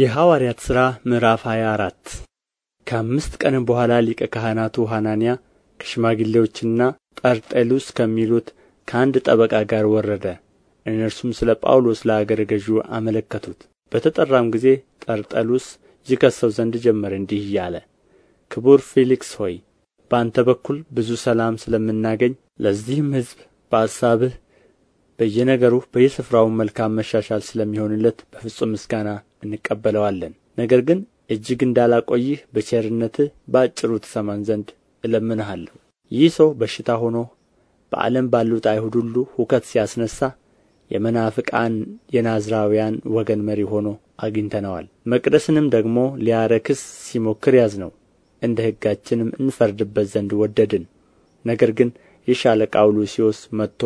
የሐዋርያት ሥራ ምዕራፍ 2 አራት ከአምስት ቀንም በኋላ ሊቀ ካህናቱ ሐናንያ ከሽማግሌዎችና ጠርጠሉስ ከሚሉት ከአንድ ጠበቃ ጋር ወረደ። እነርሱም ስለ ጳውሎስ ለአገረ ገዡ አመለከቱት። በተጠራም ጊዜ ጠርጠሉስ ይከሰው ዘንድ ጀመረ፣ እንዲህ እያለ ክቡር ፊሊክስ ሆይ በአንተ በኩል ብዙ ሰላም ስለምናገኝ ለዚህም ሕዝብ በአሳብህ በየነገሩ በየስፍራው መልካም መሻሻል ስለሚሆንለት በፍጹም ምስጋና እንቀበለዋለን ነገር ግን እጅግ እንዳላቆይህ በቸርነትህ በአጭሩ ትሰማን ዘንድ እለምንሃለሁ ይህ ሰው በሽታ ሆኖ በዓለም ባሉት አይሁድ ሁሉ ሁከት ሲያስነሣ የመናፍቃን የናዝራውያን ወገን መሪ ሆኖ አግኝተነዋል። መቅደስንም ደግሞ ሊያረክስ ሲሞክር ያዝነው፣ እንደ ሕጋችንም እንፈርድበት ዘንድ ወደድን። ነገር ግን የሻለቃው ሉሲዮስ መጥቶ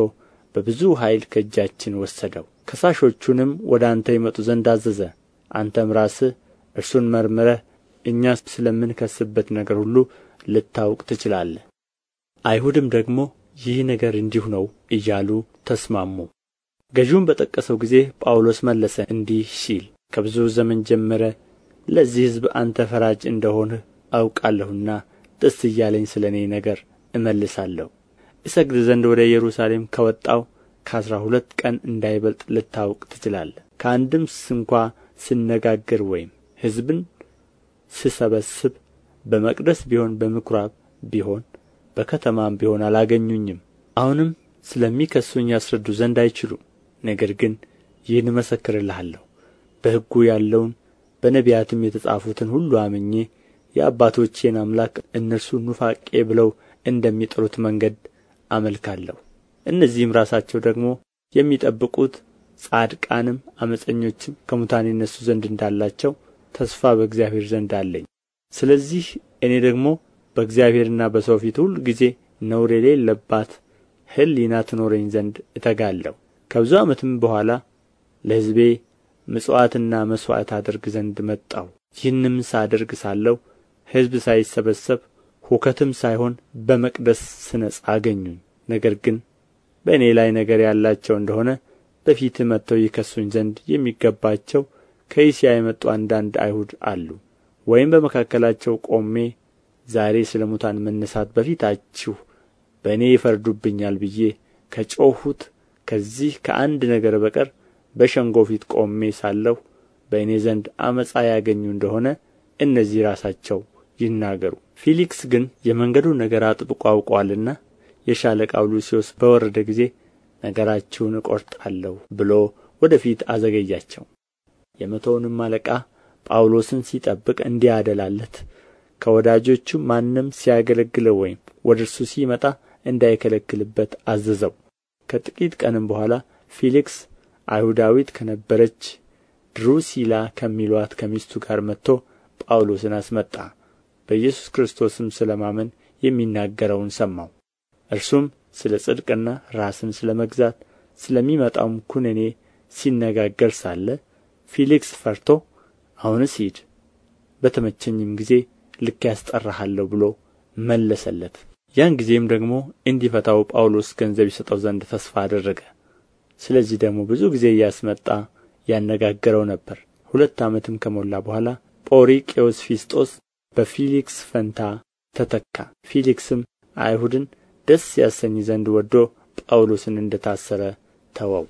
በብዙ ኃይል ከእጃችን ወሰደው። ከሳሾቹንም ወደ አንተ ይመጡ ዘንድ አዘዘ። አንተም ራስህ እርሱን መርምረህ እኛ ስለምንከስበት ነገር ሁሉ ልታውቅ ትችላለህ አይሁድም ደግሞ ይህ ነገር እንዲሁ ነው እያሉ ተስማሙ ገዡም በጠቀሰው ጊዜ ጳውሎስ መለሰ እንዲህ ሲል ከብዙ ዘመን ጀምረ ለዚህ ሕዝብ አንተ ፈራጅ እንደሆንህ አውቃለሁና ደስ እያለኝ ስለ እኔ ነገር እመልሳለሁ እሰግድ ዘንድ ወደ ኢየሩሳሌም ከወጣው ከአሥራ ሁለት ቀን እንዳይበልጥ ልታውቅ ትችላለህ ከአንድም ስንኳ ስነጋገር ወይም ሕዝብን ስሰበስብ በመቅደስ ቢሆን በምኵራብ ቢሆን በከተማም ቢሆን አላገኙኝም አሁንም ስለሚከሱኝ ያስረዱ ዘንድ አይችሉም ነገር ግን ይህን እመሰክርልሃለሁ በሕጉ ያለውን በነቢያትም የተጻፉትን ሁሉ አምኜ የአባቶቼን አምላክ እነርሱ ኑፋቄ ብለው እንደሚጠሩት መንገድ አመልካለሁ እነዚህም ራሳቸው ደግሞ የሚጠብቁት ጻድቃንም ዓመፀኞችም ከሙታን ይነሡ ዘንድ እንዳላቸው ተስፋ በእግዚአብሔር ዘንድ አለኝ ስለዚህ እኔ ደግሞ በእግዚአብሔርና በሰው ፊት ጊዜ ነውር የሌለባት ሕሊና ትኖረኝ ዘንድ እተጋለሁ ከብዙ ዓመትም በኋላ ለሕዝቤ ምጽዋትና መሥዋዕት አደርግ ዘንድ መጣሁ ይህንም ሳደርግ ሳለሁ ሕዝብ ሳይሰበሰብ ሁከትም ሳይሆን በመቅደስ ስነጻ አገኙኝ ነገር ግን በእኔ ላይ ነገር ያላቸው እንደሆነ በፊትህ መጥተው ይከሱኝ ዘንድ የሚገባቸው ከእስያ የመጡ አንዳንድ አይሁድ አሉ ወይም በመካከላቸው ቆሜ ዛሬ ስለ ሙታን መነሳት በፊታችሁ በእኔ ይፈርዱብኛል ብዬ ከጮሁት ከዚህ ከአንድ ነገር በቀር በሸንጎ ፊት ቆሜ ሳለሁ በእኔ ዘንድ አመፃ ያገኙ እንደሆነ እነዚህ ራሳቸው ይናገሩ። ፊሊክስ ግን የመንገዱን ነገር አጥብቆ አውቋልና የሻለቃው ሉሲዮስ በወረደ ጊዜ ነገራችሁን እቈርጣለሁ ብሎ ወደ ፊት አዘገያቸው የመቶውንም አለቃ ጳውሎስን ሲጠብቅ እንዲያደላለት ከወዳጆቹ ማንም ሲያገለግለው ወይም ወደ እርሱ ሲመጣ እንዳይከለክልበት አዘዘው ከጥቂት ቀንም በኋላ ፊሊክስ አይሁዳዊት ከነበረች ድሩሲላ ከሚሏት ከሚስቱ ጋር መጥቶ ጳውሎስን አስመጣ በኢየሱስ ክርስቶስም ስለ ማመን የሚናገረውን ሰማው እርሱም ስለ ጽድቅና ራስን ስለ መግዛት ስለሚመጣውም ኩነኔ ሲነጋገር ሳለ ፊሊክስ ፈርቶ አሁንስ ሂድ በተመቸኝም ጊዜ ልክ ያስጠራሃለሁ ብሎ መለሰለት። ያን ጊዜም ደግሞ እንዲፈታው ጳውሎስ ገንዘብ ይሰጠው ዘንድ ተስፋ አደረገ። ስለዚህ ደግሞ ብዙ ጊዜ እያስመጣ ያነጋገረው ነበር። ሁለት ዓመትም ከሞላ በኋላ ጶሪቄዎስ ፊስጦስ በፊሊክስ ፈንታ ተተካ። ፊሊክስም አይሁድን ደስ ያሰኝ ዘንድ ወዶ ጳውሎስን እንደ ታሰረ ተወው